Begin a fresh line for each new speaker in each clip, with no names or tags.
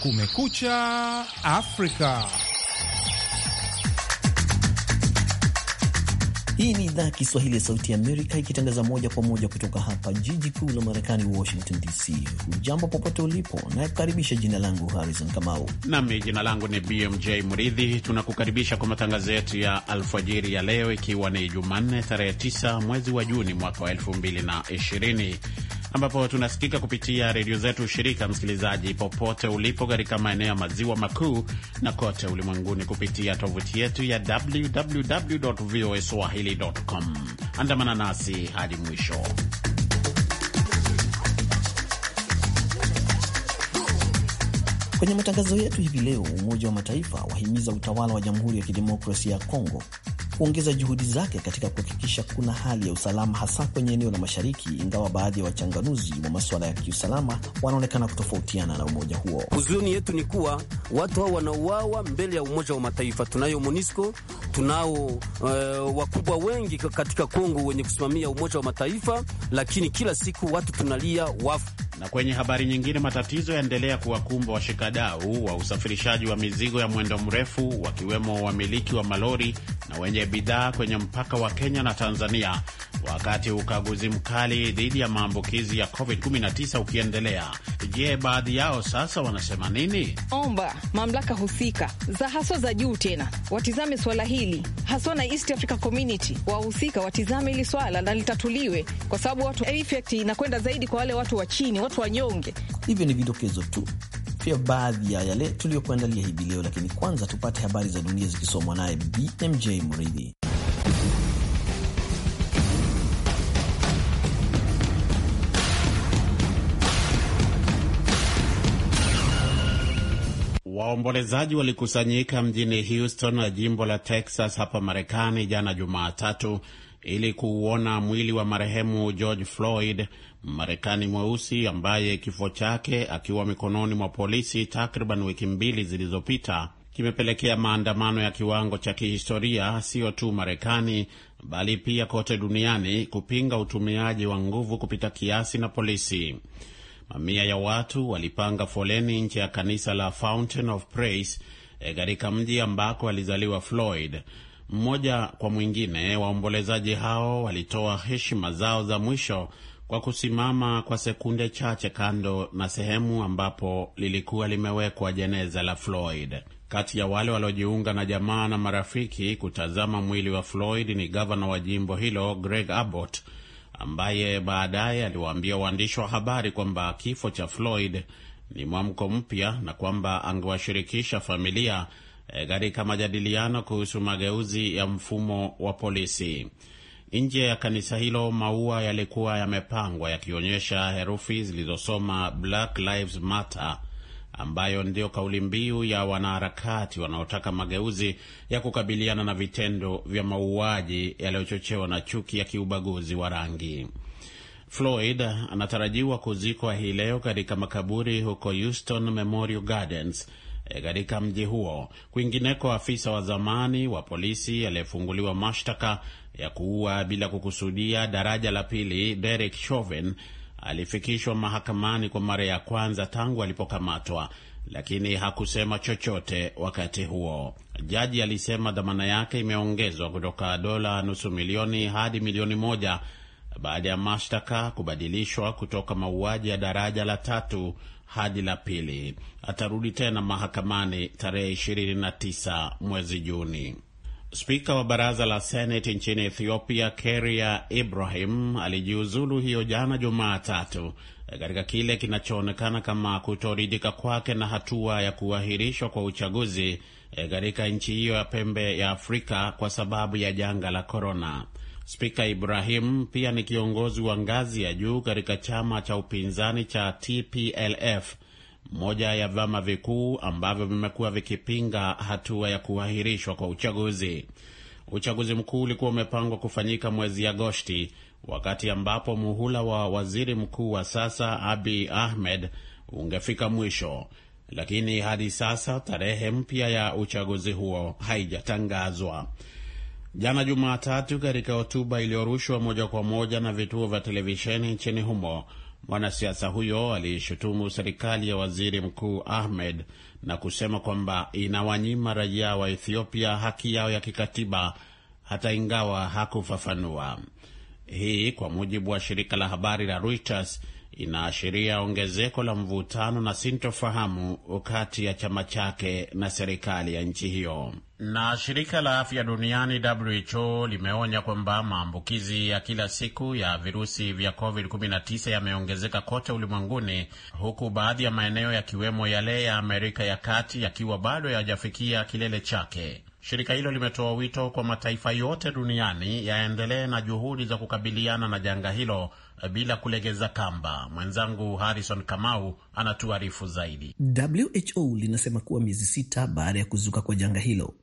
Kumekucha Afrika.
Hii ni idhaa ya Kiswahili ya Sauti ya Amerika ikitangaza moja kwa moja kutoka hapa jiji kuu la Marekani, Washington DC. Hujambo popote ulipo, nayekukaribisha. Jina langu Harrison Kamau
nami jina langu ni BMJ Mridhi. Tunakukaribisha kwa matangazo yetu ya alfajiri ya leo, ikiwa ni Jumanne tarehe 9 mwezi wa Juni mwaka wa 2020 ambapo tunasikika kupitia redio zetu shirika, msikilizaji, popote ulipo katika maeneo ya maziwa makuu na kote ulimwenguni kupitia tovuti yetu ya www voa swahili.com. Andamana nasi hadi mwisho.
Kwenye matangazo yetu hivi leo, Umoja wa Mataifa wahimiza utawala wa Jamhuri ya Kidemokrasia ya Kongo kuongeza juhudi zake katika kuhakikisha kuna hali ya usalama hasa kwenye eneo la mashariki, ingawa baadhi ya wachanganuzi wa masuala ya kiusalama wanaonekana kutofautiana na
umoja huo. Huzuni yetu ni kuwa watu hao wanauawa mbele ya Umoja wa Mataifa. Tunayo MONUSCO, tunao uh, wakubwa wengi katika Kongo wenye kusimamia Umoja wa Mataifa, lakini kila siku watu tunalia wafu na kwenye habari nyingine, matatizo yaendelea kuwakumba washikadau wa usafirishaji wa mizigo ya mwendo mrefu, wakiwemo wamiliki wa malori na wenye bidhaa kwenye mpaka wa Kenya na Tanzania, wakati ukaguzi mkali dhidi ya maambukizi ya COVID-19 ukiendelea. Je, baadhi yao sasa wanasema nini?
Omba mamlaka husika za haswa za juu tena watizame swala hili haswa, na East Africa Community wahusika watizame hili swala na litatuliwe, kwa sababu watu effect inakwenda zaidi kwa wale watu wa chini watu wanyonge.
Hivyo ni vidokezo tu pia baadhi ya yale tuliyokuandalia hivi leo, lakini kwanza tupate habari za dunia zikisomwa naye BMJ Mridhi.
Waombolezaji walikusanyika mjini Houston na jimbo la Texas hapa Marekani jana Jumatatu ili kuuona mwili wa marehemu George Floyd, Marekani mweusi ambaye kifo chake akiwa mikononi mwa polisi takriban wiki mbili zilizopita kimepelekea maandamano ya kiwango cha kihistoria sio tu Marekani bali pia kote duniani kupinga utumiaji wa nguvu kupita kiasi na polisi. Mamia ya watu walipanga foleni nje ya kanisa la Fountain of Praise eh, katika mji ambako alizaliwa Floyd mmoja kwa mwingine, waombolezaji hao walitoa heshima zao za mwisho kwa kusimama kwa sekunde chache kando na sehemu ambapo lilikuwa limewekwa jeneza la Floyd. Kati ya wale waliojiunga na jamaa na marafiki kutazama mwili wa Floyd ni gavana wa jimbo hilo Greg Abbott, ambaye baadaye aliwaambia waandishi wa habari kwamba kifo cha Floyd ni mwamko mpya na kwamba angewashirikisha familia Eh, katika majadiliano kuhusu mageuzi ya mfumo wa polisi. Nje ya kanisa hilo, maua yalikuwa yamepangwa yakionyesha herufi zilizosoma Black Lives Matter, ambayo ndiyo kauli mbiu ya wanaharakati wanaotaka mageuzi ya kukabiliana na vitendo vya mauaji yaliyochochewa na chuki ya kiubaguzi wa rangi. Floyd anatarajiwa kuzikwa hii leo katika makaburi huko Houston Memorial Gardens Eh, katika mji huo. Kwingineko, afisa wa zamani wa polisi aliyefunguliwa mashtaka ya kuua bila kukusudia daraja la pili, Derek Chauvin alifikishwa mahakamani kwa mara ya kwanza tangu alipokamatwa, lakini hakusema chochote wakati huo. Jaji alisema dhamana yake imeongezwa kutoka dola nusu milioni hadi milioni moja baada ya mashtaka kubadilishwa kutoka mauaji ya daraja la tatu hadi la pili. Atarudi tena mahakamani tarehe 29 mwezi Juni. Spika wa baraza la seneti nchini Ethiopia Keria Ibrahim alijiuzulu hiyo jana Jumatatu katika kile kinachoonekana kama kutoridhika kwake na hatua ya kuahirishwa kwa uchaguzi eh, katika nchi hiyo ya pembe ya Afrika kwa sababu ya janga la korona. Spika Ibrahim pia ni kiongozi wa ngazi ya juu katika chama cha upinzani cha TPLF, moja ya vyama vikuu ambavyo vimekuwa vikipinga hatua ya kuahirishwa kwa uchaguzi. Uchaguzi mkuu ulikuwa umepangwa kufanyika mwezi Agosti, wakati ambapo muhula wa waziri mkuu wa sasa Abi Ahmed ungefika mwisho, lakini hadi sasa tarehe mpya ya uchaguzi huo haijatangazwa. Jana Jumatatu, katika hotuba iliyorushwa moja kwa moja na vituo vya televisheni nchini humo, mwanasiasa huyo aliishutumu serikali ya waziri mkuu Ahmed na kusema kwamba inawanyima raia wa Ethiopia haki yao ya kikatiba, hata ingawa hakufafanua. Hii kwa mujibu wa shirika la habari la Reuters inaashiria ongezeko la mvutano na sintofahamu kati ya chama chake na serikali ya nchi hiyo. Na shirika la afya duniani WHO limeonya kwamba maambukizi ya kila siku ya virusi vya COVID-19 yameongezeka kote ulimwenguni, huku baadhi ya maeneo yakiwemo yale ya Amerika ya Kati yakiwa bado yajafikia kilele chake. Shirika hilo limetoa wito kwa mataifa yote duniani yaendelee na juhudi za kukabiliana na janga hilo bila kulegeza kamba. Mwenzangu Harrison Kamau anatuarifu zaidi.
WHO linasema kuwa miezi sita baada ya kuzuka kwa janga hilo,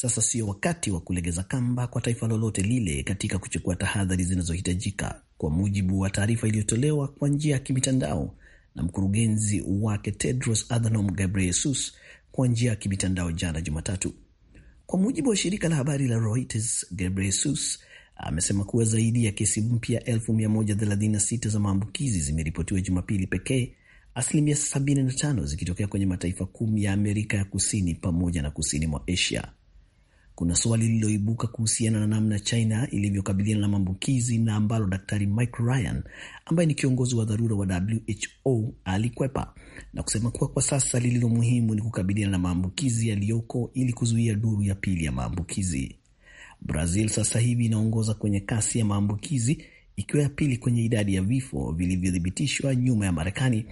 sasa sio wakati wa kulegeza kamba kwa taifa lolote lile katika kuchukua tahadhari zinazohitajika, kwa mujibu wa taarifa iliyotolewa kwa njia ya kimitandao na mkurugenzi wake Tedros Adhanom Ghebreyesus kwa njia ya kimitandao jana Jumatatu. Kwa mujibu wa shirika la habari la Reuters, Ghebreyesus amesema kuwa zaidi ya kesi mpya 136 za maambukizi zimeripotiwa Jumapili pekee, asilimia 75 zikitokea kwenye mataifa kumi ya Amerika ya Kusini pamoja na kusini mwa Asia. Kuna swali lililoibuka kuhusiana na namna China ilivyokabiliana na maambukizi na ambalo Daktari Mike Ryan ambaye ni kiongozi wa dharura wa WHO alikwepa na kusema kuwa kwa sasa lililo muhimu ni kukabiliana na maambukizi yaliyoko ili kuzuia duru ya pili ya maambukizi. Brazil sasa hivi inaongoza kwenye kasi ya maambukizi ikiwa ya pili kwenye idadi ya vifo vilivyothibitishwa nyuma ya Marekani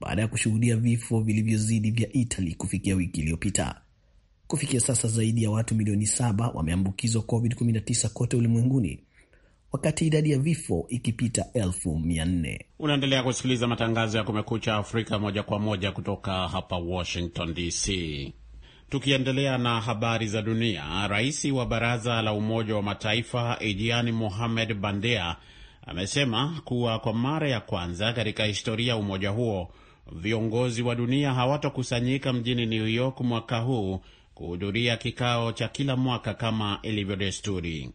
baada ya kushuhudia vifo vilivyozidi vya Italy kufikia wiki iliyopita. Kufikia sasa zaidi ya watu milioni saba wameambukizwa COVID-19 kote ulimwenguni wakati idadi ya vifo ikipita elfu mia nne.
Unaendelea kusikiliza matangazo ya Kumekucha Afrika moja kwa moja kutoka hapa Washington DC. Tukiendelea na habari za dunia, rais wa Baraza la Umoja wa Mataifa Ejiani Mohamed Bandea amesema kuwa kwa mara ya kwanza katika historia ya umoja huo viongozi wa dunia hawatokusanyika mjini New York mwaka huu kuhudhuria kikao cha kila mwaka kama ilivyo desturi.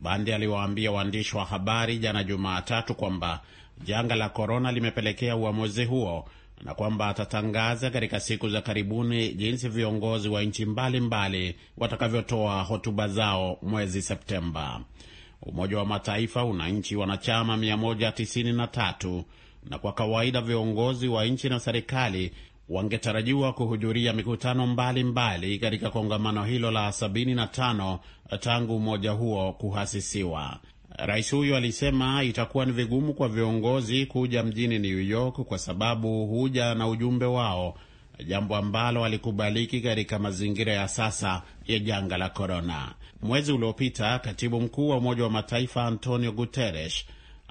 Bande aliwaambia waandishi wa habari jana Jumatatu kwamba janga la korona limepelekea uamuzi huo na kwamba atatangaza katika siku za karibuni jinsi viongozi wa nchi mbalimbali watakavyotoa hotuba zao mwezi Septemba. Umoja wa Mataifa una nchi wanachama 193 na kwa kawaida viongozi wa nchi na serikali wangetarajiwa kuhudhuria mikutano mbalimbali katika kongamano hilo la 75 tangu umoja huo kuhasisiwa. Rais huyo alisema itakuwa ni vigumu kwa viongozi kuja mjini New York kwa sababu huja na ujumbe wao, jambo ambalo alikubaliki katika mazingira ya sasa ya janga la korona. Mwezi uliopita, katibu mkuu wa Umoja wa Mataifa Antonio Guterres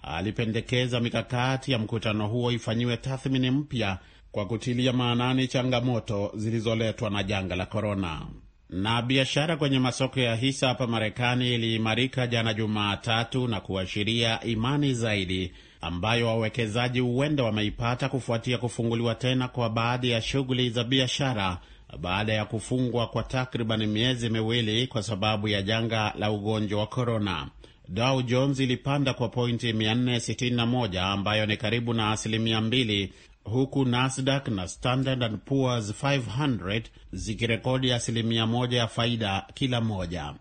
alipendekeza mikakati ya mkutano huo ifanyiwe tathmini mpya kwa kutilia maanani changamoto zilizoletwa na janga la korona. Na biashara kwenye masoko ya hisa hapa Marekani iliimarika jana Jumatatu na kuashiria imani zaidi ambayo wawekezaji huenda wameipata kufuatia kufunguliwa tena kwa baadhi ya shughuli za biashara baada ya kufungwa kwa takriban miezi miwili kwa sababu ya janga la ugonjwa wa korona. Dow Jones ilipanda kwa pointi 461 ambayo ni karibu na asilimia mbili huku Nasdaq na Standard and Poor's 500 zikirekodi asilimia moja ya faida kila moja.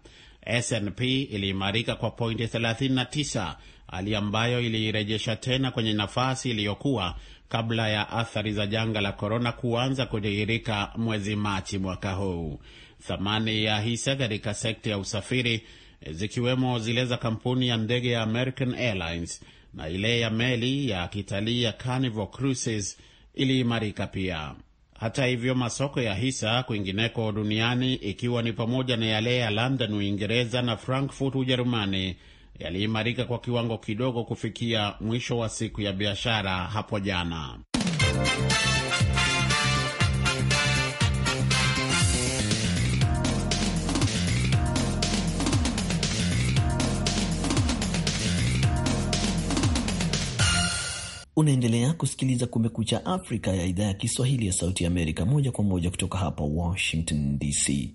S&P iliimarika kwa pointi 39 hali ambayo iliirejesha tena kwenye nafasi iliyokuwa kabla ya athari za janga la korona kuanza kudhihirika mwezi Machi mwaka huu. Thamani ya hisa katika sekta ya usafiri zikiwemo zile za kampuni ya ndege ya American Airlines na ile ya meli ya kitalii ya Carnival Cruises iliimarika pia. Hata hivyo, masoko ya hisa kwingineko duniani ikiwa ni pamoja na yale ya London, Uingereza na Frankfurt, Ujerumani yaliimarika kwa kiwango kidogo kufikia mwisho wa siku ya biashara hapo jana.
Unaendelea kusikiliza Kumekucha Afrika ya idhaa ya Kiswahili ya Sauti Amerika, moja kwa moja kutoka hapa Washington DC.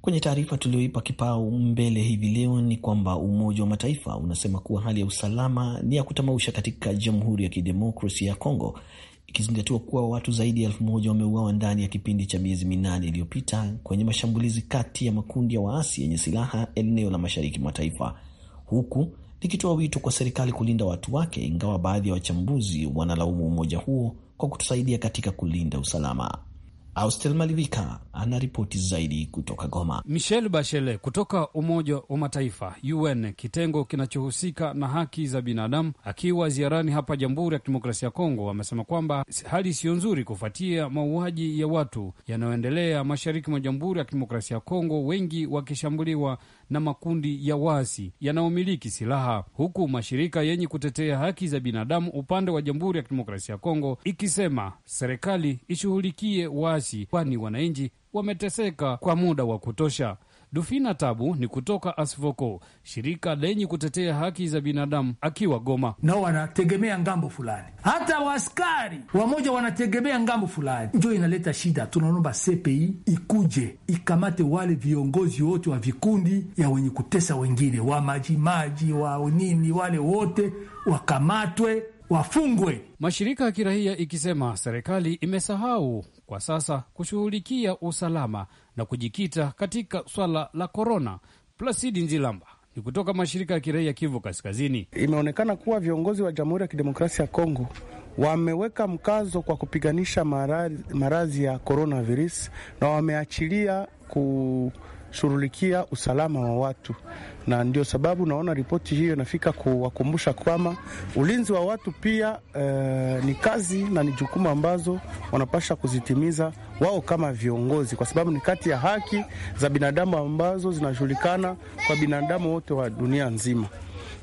Kwenye taarifa tulioipa kipao mbele hivi leo ni kwamba Umoja wa Mataifa unasema kuwa hali ya usalama ni ya kutamausha katika Jamhuri ya Kidemokrasia ya Kongo, ikizingatiwa kuwa watu zaidi ya elfu moja wameuawa ndani ya kipindi cha miezi minane iliyopita kwenye mashambulizi kati ya makundi ya waasi yenye silaha eneo la mashariki mwa taifa, huku likitoa wito kwa serikali kulinda watu wake, ingawa baadhi ya wa wachambuzi wanalaumu umoja huo kwa kutusaidia katika kulinda usalama. Austel Malivika anaripoti zaidi kutoka Goma.
Michel Bachelet kutoka Umoja wa Mataifa, UN, kitengo kinachohusika na haki za binadamu, akiwa ziarani hapa Jamhuri ya Kidemokrasia ya Kongo, amesema kwamba hali siyo nzuri kufuatia mauaji ya watu yanayoendelea mashariki mwa Jamhuri ya Kidemokrasia ya Kongo, wengi wakishambuliwa na makundi ya waasi yanayomiliki silaha, huku mashirika yenye kutetea haki za binadamu upande wa Jamhuri ya Kidemokrasia ya Kongo ikisema serikali ishughulikie waasi, kwani wananchi wameteseka kwa muda wa kutosha. Dufina Tabu ni kutoka Asfoko, shirika lenye kutetea haki za binadamu, akiwa Goma. Nao wanategemea ngambo fulani, hata waskari wamoja wanategemea ngambo fulani, njo inaleta shida. Tunaomba CPI ikuje ikamate wale viongozi wote wa vikundi ya wenye kutesa wengine, wa majimaji wa nini, wale wote wakamatwe, wafungwe. Mashirika ya kirahia ikisema serikali imesahau kwa sasa kushughulikia usalama na kujikita katika swala la korona. Plasidi Nzilamba ni kutoka mashirika ya kiraia Kivu Kaskazini.
Imeonekana kuwa viongozi wa Jamhuri ya Kidemokrasia ya Kongo wameweka mkazo kwa kupiganisha marazi ya coronavirus na wameachilia ku shughulikia usalama wa watu, na ndio sababu naona ripoti hiyo inafika kuwakumbusha kwamba ulinzi wa watu pia eh, ni kazi na ni jukumu ambazo wanapasha kuzitimiza wao kama viongozi, kwa sababu ni kati ya haki za binadamu ambazo zinajulikana kwa binadamu wote wa dunia nzima.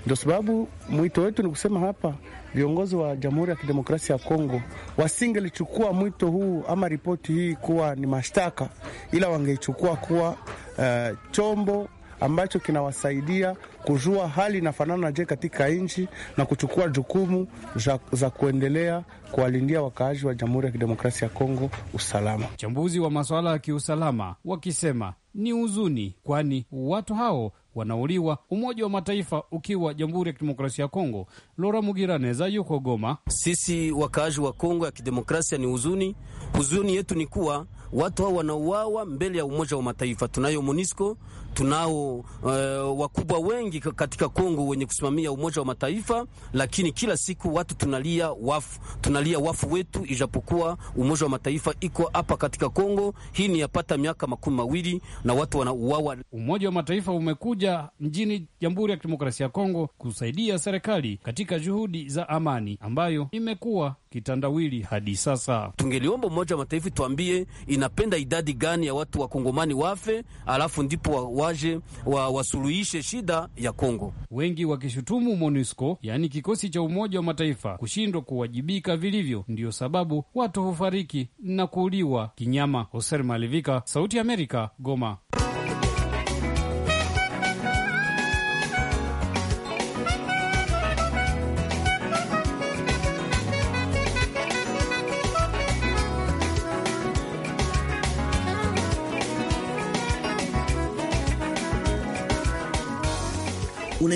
Ndio sababu mwito wetu ni kusema hapa viongozi wa Jamhuri ya Kidemokrasia ya Kongo wasingelichukua mwito huu ama ripoti hii kuwa ni mashtaka, ila wangeichukua kuwa uh, chombo ambacho kinawasaidia kujua hali inafanana je katika nchi na kuchukua jukumu za, za kuendelea kuwalindia wakaaji wa Jamhuri ya Kidemokrasia ya Kongo usalama.
Wachambuzi wa masuala ya kiusalama wakisema ni huzuni, kwani watu hao wanauliwa, Umoja wa Mataifa ukiwa Jamhuri ya Kidemokrasia ya Kongo. Lora Mugiraneza yuko Goma. Sisi wakaaji wa Kongo ya Kidemokrasia ni huzuni,
huzuni yetu ni kuwa watu hao wanauawa mbele ya Umoja wa Mataifa. Tunayo MONUSCO tunao uh, wakubwa wengi katika Kongo wenye kusimamia Umoja wa Mataifa,
lakini
kila siku watu tunalia wafu, tunalia wafu wetu, ijapokuwa Umoja wa Mataifa iko hapa katika Kongo hii ni yapata miaka makumi mawili na watu wanauawa. Umoja wa Mataifa umekuja mjini Jamhuri ya Kidemokrasia ya Kongo kusaidia serikali katika juhudi za amani ambayo imekuwa kitandawili hadi sasa. Tungeliomba Umoja wa Mataifa
tuambie inapenda idadi gani ya watu wakongomani wafe, alafu ndipo wa waje wa, wasuluhishe shida ya Kongo,
wengi wakishutumu MONUSCO yaani kikosi cha Umoja wa Mataifa kushindwa kuwajibika vilivyo, ndiyo sababu watu hufariki na kuuliwa kinyama. Hoser Malivika, Sauti ya Amerika, Goma.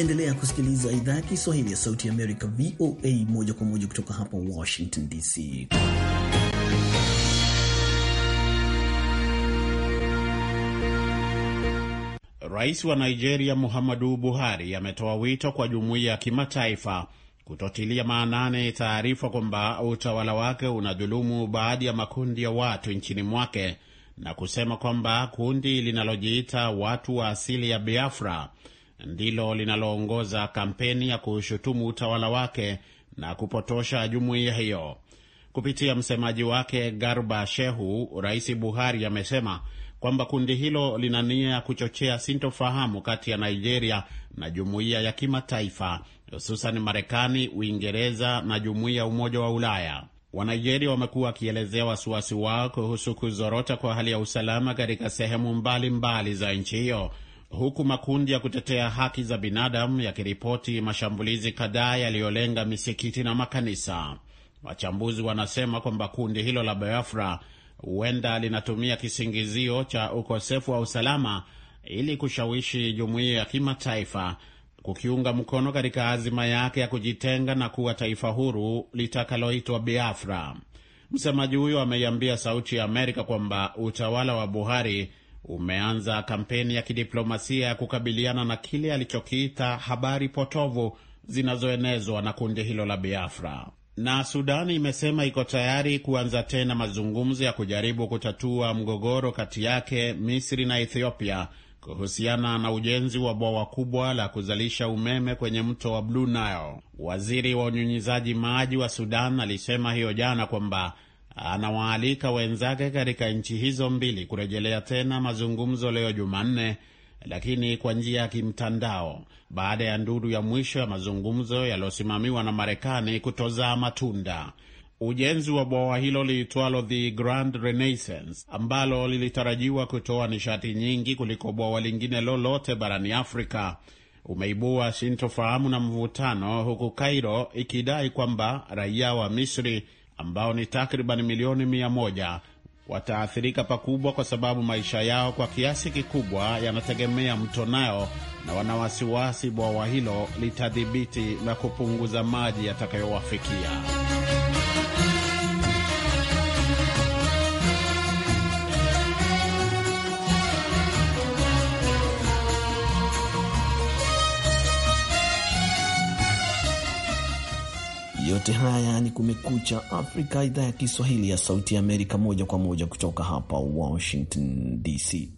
Unaendelea kusikiliza idhaa ya Kiswahili ya Sauti ya Amerika, VOA, moja kwa moja kutoka hapa Washington DC.
Rais wa Nigeria Muhammadu Buhari ametoa wito kwa jumuiya ya kimataifa kutotilia maanani taarifa kwamba utawala wake unadhulumu baadhi ya makundi ya watu nchini mwake na kusema kwamba kundi linalojiita watu wa asili ya Biafra ndilo linaloongoza kampeni ya kushutumu utawala wake na kupotosha jumuiya hiyo. Kupitia msemaji wake Garba Shehu, Rais Buhari amesema kwamba kundi hilo lina nia ya kuchochea sintofahamu kati ya Nigeria na jumuiya ya kimataifa hususan Marekani, Uingereza na jumuiya ya Umoja wa Ulaya. Wanigeria wamekuwa wakielezea wasiwasi wao kuhusu kuzorota kwa hali ya usalama katika sehemu mbalimbali mbali za nchi hiyo huku makundi ya kutetea haki za binadamu yakiripoti mashambulizi kadhaa yaliyolenga misikiti na makanisa. Wachambuzi wanasema kwamba kundi hilo la Biafra huenda linatumia kisingizio cha ukosefu wa usalama ili kushawishi jumuiya ya kimataifa kukiunga mkono katika azima yake ya kujitenga na kuwa taifa huru litakaloitwa Biafra. Msemaji huyo ameiambia Sauti ya Amerika kwamba utawala wa Buhari umeanza kampeni ya kidiplomasia ya kukabiliana na kile alichokiita habari potovu zinazoenezwa na kundi hilo la Biafra. Na Sudani imesema iko tayari kuanza tena mazungumzo ya kujaribu kutatua mgogoro kati yake Misri na Ethiopia kuhusiana na ujenzi wa bwawa kubwa la kuzalisha umeme kwenye mto wa Blue Nile. Waziri wa unyunyizaji maji wa Sudan alisema hiyo jana kwamba anawaalika wenzake katika nchi hizo mbili kurejelea tena mazungumzo leo Jumanne, lakini kwa njia ya kimtandao baada ya nduru ya mwisho ya mazungumzo yaliyosimamiwa na Marekani kutozaa matunda. Ujenzi wa bwawa hilo liitwalo The Grand Renaissance ambalo lilitarajiwa kutoa nishati nyingi kuliko bwawa lingine lolote barani Afrika umeibua sintofahamu na mvutano, huku Cairo ikidai kwamba raia wa Misri ambao ni takriban milioni mia moja wataathirika pakubwa kwa sababu maisha yao kwa kiasi kikubwa yanategemea mto Nile na wana wasiwasi bwawa hilo litadhibiti na kupunguza maji yatakayowafikia.
Yote haya ni Kumekucha Afrika, idhaa ya Kiswahili ya Sauti ya Amerika, moja kwa moja kutoka hapa Washington DC.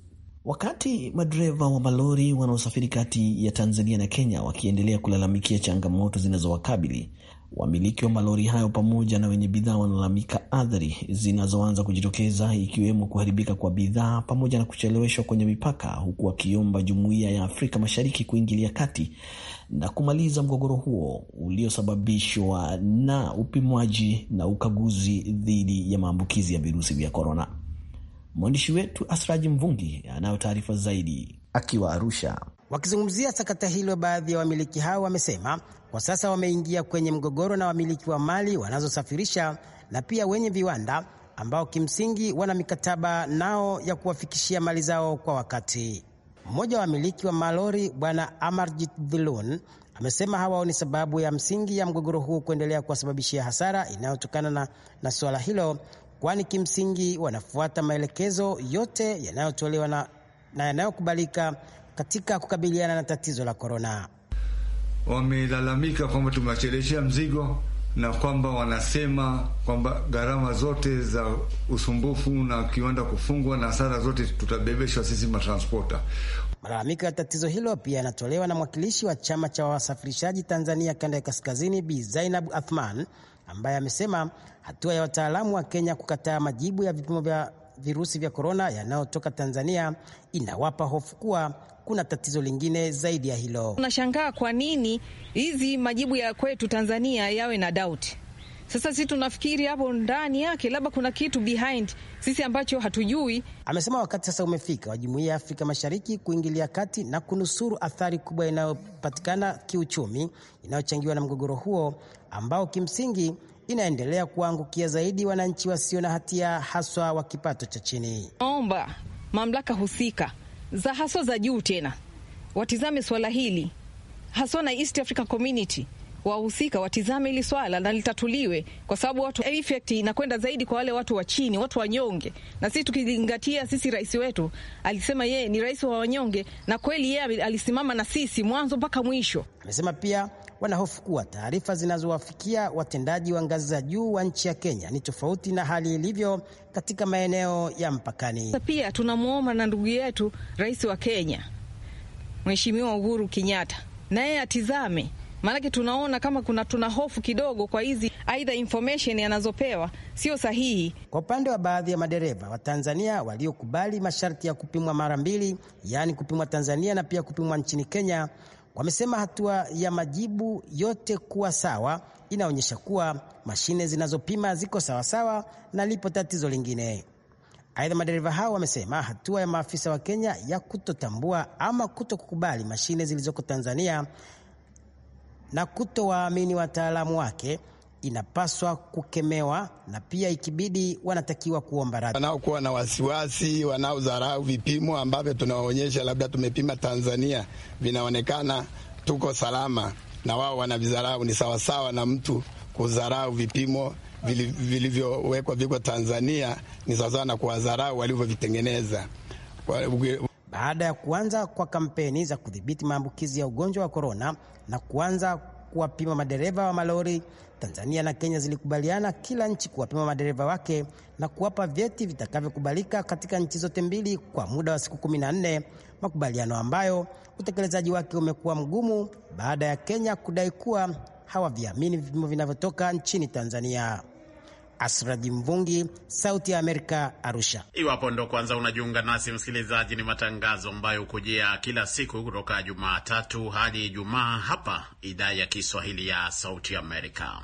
Wakati madereva wa malori wanaosafiri kati ya Tanzania na Kenya wakiendelea kulalamikia changamoto zinazowakabili, Wamiliki wa malori hayo pamoja na wenye bidhaa wanalalamika athari zinazoanza kujitokeza ikiwemo kuharibika kwa bidhaa pamoja na kucheleweshwa kwenye mipaka, huku wakiomba jumuiya ya Afrika Mashariki kuingilia kati na kumaliza mgogoro huo uliosababishwa na upimwaji na ukaguzi dhidi ya maambukizi ya virusi vya korona. Mwandishi wetu Asraji Mvungi anayo taarifa zaidi akiwa Arusha.
Wakizungumzia sakata hilo, baadhi ya wamiliki hao wamesema kwa sasa wameingia kwenye mgogoro na wamiliki wa mali wanazosafirisha na pia wenye viwanda ambao kimsingi wana mikataba nao ya kuwafikishia mali zao kwa wakati. Mmoja wa wamiliki wa malori Bwana Amarjit Dhilun amesema hawaoni sababu ya msingi ya mgogoro huu kuendelea kuwasababishia hasara inayotokana na, na suala hilo, kwani kimsingi wanafuata maelekezo yote yanayotolewa na, na yanayokubalika katika kukabiliana na tatizo la korona.
Wamelalamika kwamba tumewacheleshea mzigo na kwamba wanasema kwamba gharama zote za usumbufu na kiwanda kufungwa na hasara zote tutabebeshwa sisi matransporta. Malalamiko ya
tatizo hilo pia yanatolewa na mwakilishi wa chama cha wasafirishaji Tanzania kanda ya kaskazini, Bi Zainab Athman, ambaye amesema hatua ya wataalamu wa Kenya kukataa majibu ya vipimo vya virusi vya korona yanayotoka Tanzania inawapa hofu kuwa hakuna tatizo lingine zaidi ya hilo.
Tunashangaa kwa nini hizi majibu ya kwetu Tanzania yawe na doubt. Sasa sisi tunafikiri hapo ndani yake labda kuna kitu behind sisi ambacho hatujui.
Amesema wakati sasa umefika wa jumuiya ya Afrika Mashariki kuingilia kati na kunusuru athari kubwa inayopatikana kiuchumi inayochangiwa na mgogoro huo ambao kimsingi inaendelea kuwaangukia zaidi wananchi wasio na hatia, haswa wa kipato cha chini.
Naomba mamlaka husika za haswa za juu tena watizame swala hili haswa na East African Community wahusika watizame hili swala na litatuliwe, kwa sababu watu effect inakwenda zaidi kwa wale watu wa chini, watu wanyonge. Na sisi tukizingatia, sisi rais wetu alisema yeye ni rais wa wanyonge, na kweli yeye alisimama na sisi mwanzo mpaka mwisho.
Amesema pia wanahofu kuwa taarifa zinazowafikia watendaji wa ngazi za juu wa nchi ya Kenya ni tofauti na hali ilivyo katika maeneo ya mpakani.
Pia tunamwomba na ndugu yetu rais wa Kenya Mheshimiwa Uhuru Kenyatta naye atizame, maanake tunaona kama kuna tuna hofu kidogo kwa hizi aidha information anazopewa sio sahihi. Kwa upande wa baadhi ya
madereva wa Tanzania waliokubali masharti ya kupimwa mara mbili, yaani kupimwa Tanzania na pia kupimwa nchini Kenya, Wamesema hatua ya majibu yote kuwa sawa inaonyesha kuwa mashine zinazopima ziko sawasawa na lipo tatizo lingine. Aidha, madereva hao wamesema hatua ya maafisa wa Kenya ya kutotambua ama kutokukubali mashine zilizoko Tanzania na kutowaamini wataalamu wake inapaswa kukemewa na pia ikibidi wanatakiwa kuomba radhi. Wanaokuwa
na wasiwasi, wanaodharau vipimo ambavyo tunawaonyesha, labda tumepima Tanzania, vinaonekana tuko salama, na wao wanavidharau. Ni sawasawa na mtu kudharau vipimo vilivyowekwa viko Tanzania, ni sawasawa
na kuwadharau walivyovitengeneza. Baada ya kuanza kwa kampeni za kudhibiti maambukizi ya ugonjwa wa korona na kuanza kuwapima madereva wa malori Tanzania na Kenya zilikubaliana kila nchi kuwapima madereva wake na kuwapa vyeti vitakavyokubalika katika nchi zote mbili kwa muda wa siku kumi na nne, makubaliano ambayo utekelezaji wake umekuwa mgumu baada ya Kenya kudai kuwa hawaviamini vipimo vinavyotoka nchini Tanzania. Asraji Mvungi, Sauti ya Amerika, Arusha.
Iwapo ndo kwanza unajiunga nasi msikilizaji, ni matangazo ambayo hukujia kila siku kutoka Jumatatu hadi Ijumaa hapa idhaa ya Kiswahili ya Sauti Amerika.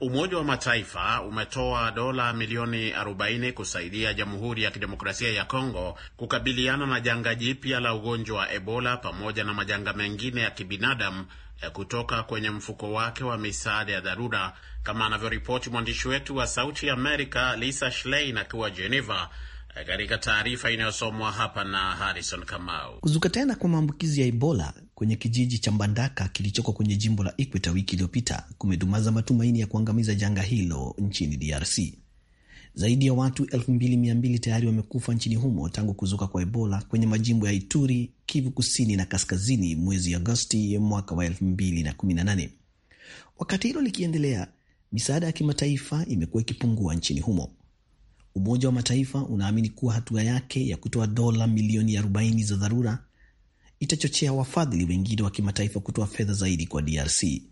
Umoja wa Mataifa umetoa dola milioni 40 kusaidia Jamhuri ya Kidemokrasia ya Kongo kukabiliana na janga jipya la ugonjwa wa Ebola pamoja na majanga mengine ya kibinadamu Eh, kutoka kwenye mfuko wake wa misaada ya dharura, kama anavyoripoti mwandishi wetu wa Sauti Amerika Lisa Schlein akiwa Geneva. Eh, katika taarifa inayosomwa hapa na Harrison Kamau.
Kuzuka tena kwa maambukizi ya Ebola kwenye kijiji cha Mbandaka kilichoko kwenye jimbo la Ikweta wiki iliyopita kumedumaza matumaini ya kuangamiza janga hilo nchini DRC. Zaidi ya watu 2200 tayari wamekufa nchini humo tangu kuzuka kwa Ebola kwenye majimbo ya Ituri, Kivu Kusini na Kaskazini mwezi Agosti mwaka wa 2018. Wakati hilo likiendelea, misaada ya kimataifa imekuwa ikipungua nchini humo. Umoja wa Mataifa unaamini kuwa hatua yake ya kutoa dola milioni 40 za dharura itachochea wafadhili wengine wa kimataifa kutoa fedha zaidi kwa DRC.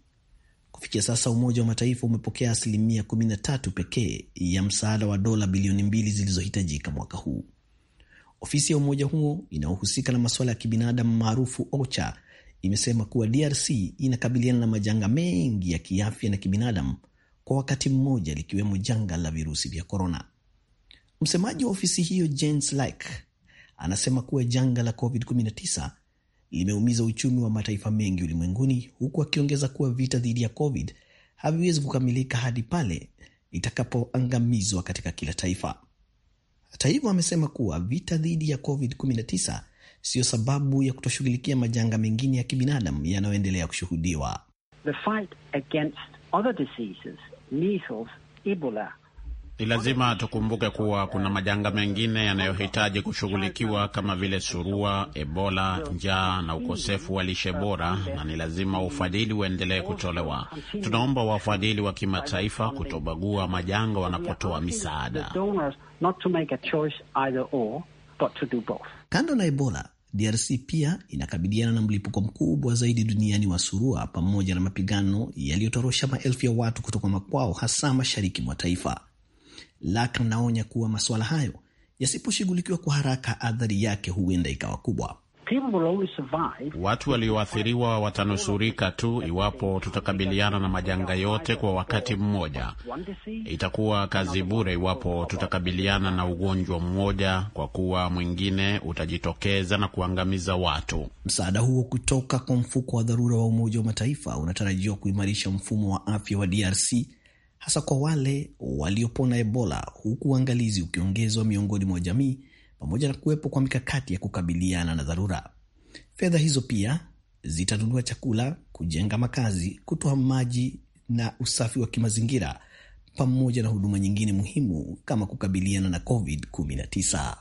Kufikia sasa Umoja wa Mataifa umepokea asilimia 13 pekee ya msaada wa dola bilioni mbili zilizohitajika mwaka huu. Ofisi ya umoja huo inayohusika na masuala ya kibinadamu maarufu OCHA imesema kuwa DRC inakabiliana na majanga mengi ya kiafya na kibinadamu kwa wakati mmoja, likiwemo janga la virusi vya korona. Msemaji wa ofisi hiyo Jens anasema kuwa janga la COVID-19 limeumiza uchumi wa mataifa mengi ulimwenguni, huku akiongeza kuwa vita dhidi ya COVID haviwezi kukamilika hadi pale itakapoangamizwa katika kila taifa. Hata hivyo, amesema kuwa vita dhidi ya COVID-19 siyo sababu ya kutoshughulikia majanga mengine ya kibinadamu yanayoendelea kushuhudiwa.
The fight against other diseases, measles, Ebola, ni lazima tukumbuke kuwa kuna majanga mengine yanayohitaji kushughulikiwa kama vile surua, ebola, njaa na ukosefu wa lishe bora, na ni lazima ufadhili uendelee kutolewa. Tunaomba wafadhili wa kimataifa kutobagua majanga wanapotoa misaada.
Kando na ebola, DRC pia inakabiliana na mlipuko mkubwa zaidi duniani wa surua pamoja na mapigano yaliyotorosha maelfu ya watu kutoka makwao, hasa mashariki mwa taifa. Lak anaonya kuwa masuala hayo yasiposhughulikiwa kwa haraka, athari yake huenda ikawa kubwa.
Watu walioathiriwa watanusurika tu iwapo tutakabiliana na majanga yote kwa wakati mmoja. Itakuwa kazi bure iwapo tutakabiliana na ugonjwa mmoja, kwa kuwa mwingine utajitokeza na kuangamiza watu. Msaada
huo kutoka kwa mfuko wa dharura wa Umoja wa Mataifa unatarajiwa kuimarisha mfumo wa afya wa DRC hasa kwa wale waliopona Ebola, huku uangalizi ukiongezwa miongoni mwa jamii pamoja na kuwepo kwa mikakati ya kukabiliana na dharura. Fedha hizo pia zitanunua chakula, kujenga makazi, kutoa maji na usafi wa kimazingira pamoja na huduma nyingine muhimu kama kukabiliana na COVID-19.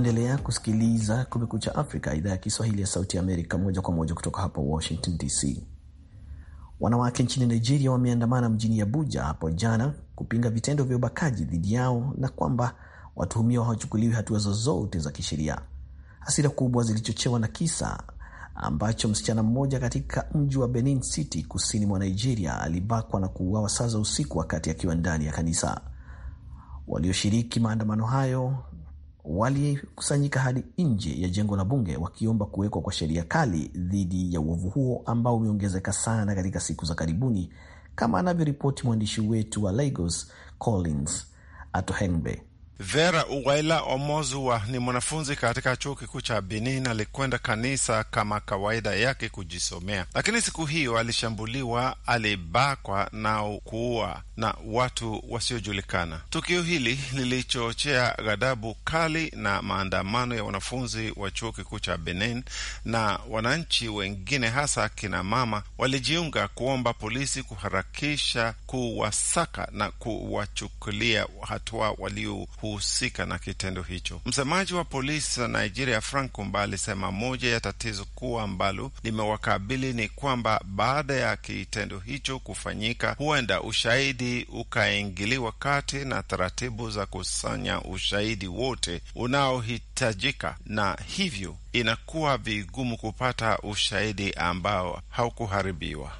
Unaendelea kusikiliza Kumekucha Afrika, idhaa ya Kiswahili ya Sauti Amerika, moja kwa moja kutoka hapa Washington DC. Wanawake nchini Nigeria wameandamana mjini Abuja hapo jana kupinga vitendo vya ubakaji dhidi yao na kwamba watuhumiwa hawachukuliwi hatua zozote za kisheria. Hasira kubwa zilichochewa na kisa ambacho msichana mmoja katika mji wa Benin City kusini mwa Nigeria alibakwa na kuuawa saa za usiku wakati akiwa ndani ya kanisa. Walioshiriki maandamano hayo walikusanyika hadi nje ya jengo la bunge wakiomba kuwekwa kwa sheria kali dhidi ya uovu huo ambao umeongezeka sana katika siku za karibuni, kama anavyoripoti mwandishi wetu wa Lagos Collins Atohengbe.
Vera Uwaila Omozua ni mwanafunzi katika chuo kikuu cha Benin. Alikwenda kanisa kama kawaida yake kujisomea, lakini siku hiyo alishambuliwa, alibakwa na kuua na watu wasiojulikana. Tukio hili lilichochea ghadhabu kali na maandamano ya wanafunzi wa chuo kikuu cha Benin, na wananchi wengine hasa kina mama walijiunga kuomba polisi kuharakisha kuwasaka na kuwachukulia hatua walio kuhusika na kitendo hicho. Msemaji wa polisi za Nigeria Frank Kumba alisema moja ya tatizo kuu ambalo limewakabili ni kwamba baada ya kitendo hicho kufanyika, huenda ushahidi ukaingiliwa kati na taratibu za kusanya ushahidi wote unaohitaji inahitajika, na hivyo inakuwa vigumu kupata ushahidi ambao haukuharibiwa.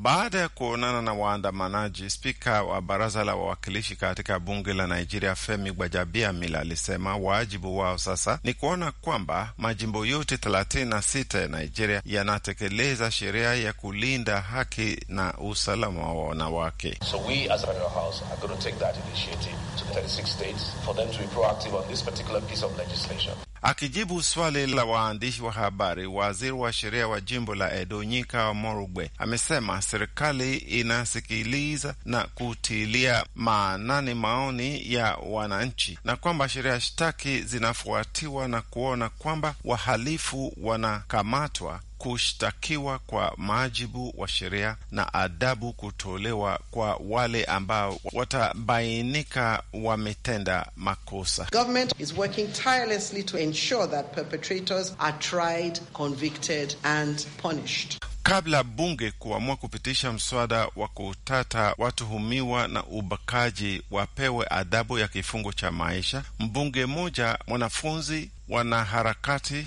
Baada ya kuonana na waandamanaji, spika wa baraza la wawakilishi katika bunge la Nigeria Femi Gbajabiamila alisema wajibu wao sasa ni kuona kwamba majimbo yote 36 ya Nigeria yanatekeleza sheria ya kulinda haki na usalama wa wanawake. So we
as your House are going to take that initiative to the 36 states for them to be proactive on this particular piece of legislation.
Akijibu swali la waandishi wa habari, waziri wa sheria wa jimbo la Edo Nyika Morugwe amesema serikali inasikiliza na kutilia maanani maoni ya wananchi na kwamba sheria shtaki zinafuatiwa na kuona kwamba wahalifu wanakamatwa kushtakiwa kwa majibu wa sheria na adabu kutolewa kwa wale ambao watabainika wametenda makosa.
Government is working tirelessly to ensure that perpetrators are tried, convicted and punished.
Kabla bunge kuamua kupitisha mswada wa kutata watuhumiwa na ubakaji wapewe adhabu ya kifungo cha maisha, mbunge mmoja, mwanafunzi, wanaharakati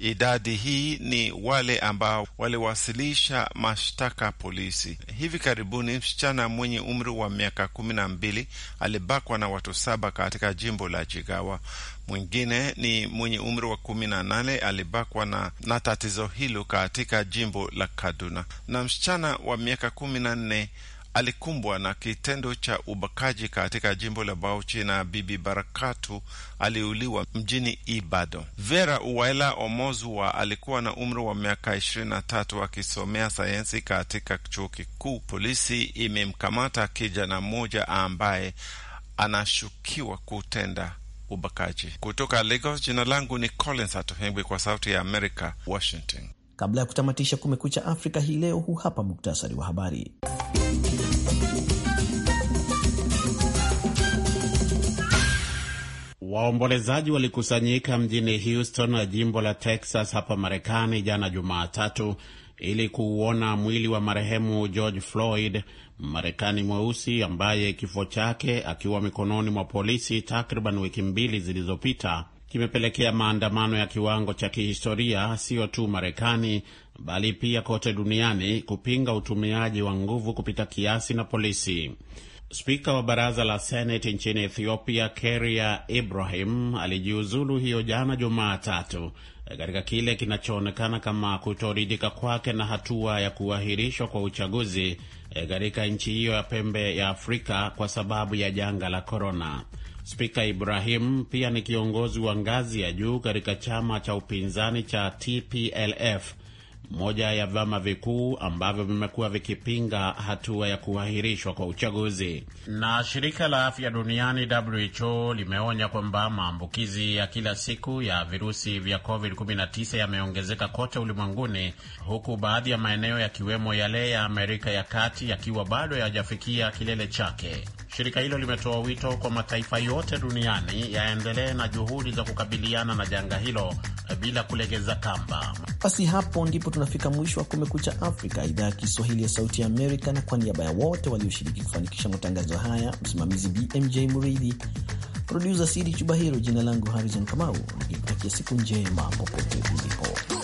Idadi hii ni wale ambao waliwasilisha mashtaka polisi. Hivi karibuni, msichana mwenye umri wa miaka kumi na mbili alibakwa na watu saba katika jimbo la Jigawa. Mwingine ni mwenye umri wa kumi na nane alibakwa na, na tatizo hilo katika jimbo la Kaduna, na msichana wa miaka kumi na nne alikumbwa na kitendo cha ubakaji katika jimbo la Bauchi na Bibi Barakatu aliuliwa mjini Ibado. Vera Uwaela Omozua alikuwa na umri wa miaka ishirini na tatu akisomea sayansi katika chuo kikuu. Polisi imemkamata kijana mmoja ambaye anashukiwa kutenda ubakaji. Kutoka Lagos, jina langu ni Collins Atohengwi, kwa Sauti ya Amerika, Washington.
Kabla ya kutamatisha Kumekucha Afrika hii leo, huu hapa
muktasari wa habari. Waombolezaji walikusanyika mjini Houston na jimbo la Texas hapa Marekani jana Jumatatu ili kuuona mwili wa marehemu George Floyd, Marekani mweusi ambaye kifo chake akiwa mikononi mwa polisi takriban wiki mbili zilizopita kimepelekea maandamano ya kiwango cha kihistoria, sio tu Marekani bali pia kote duniani, kupinga utumiaji wa nguvu kupita kiasi na polisi. Spika wa baraza la seneti nchini Ethiopia, Keria Ibrahim, alijiuzulu hiyo jana Jumatatu katika kile kinachoonekana kama kutoridhika kwake na hatua ya kuahirishwa kwa uchaguzi katika nchi hiyo ya pembe ya Afrika kwa sababu ya janga la korona. Spika Ibrahim pia ni kiongozi wa ngazi ya juu katika chama cha upinzani cha TPLF, moja ya vyama vikuu ambavyo vimekuwa vikipinga hatua ya kuahirishwa kwa uchaguzi. Na shirika la afya duniani WHO limeonya kwamba maambukizi ya kila siku ya virusi vya COVID-19 yameongezeka kote ulimwenguni, huku baadhi ya maeneo yakiwemo yale ya Amerika ya Kati yakiwa bado hayajafikia kilele chake. Shirika hilo limetoa wito kwa mataifa yote duniani yaendelee na juhudi za kukabiliana na janga hilo bila kulegeza kamba.
Basi hapo ndipo tunafika mwisho wa Kumekucha Afrika, idhaa ya Kiswahili ya Sauti ya Amerika. Na kwa niaba ya wote walioshiriki kufanikisha matangazo haya, msimamizi BMJ Muridhi, produsa Sidi Chubahiro, jina langu Harrison Kamau, nikikutakia siku njema popote ulipo.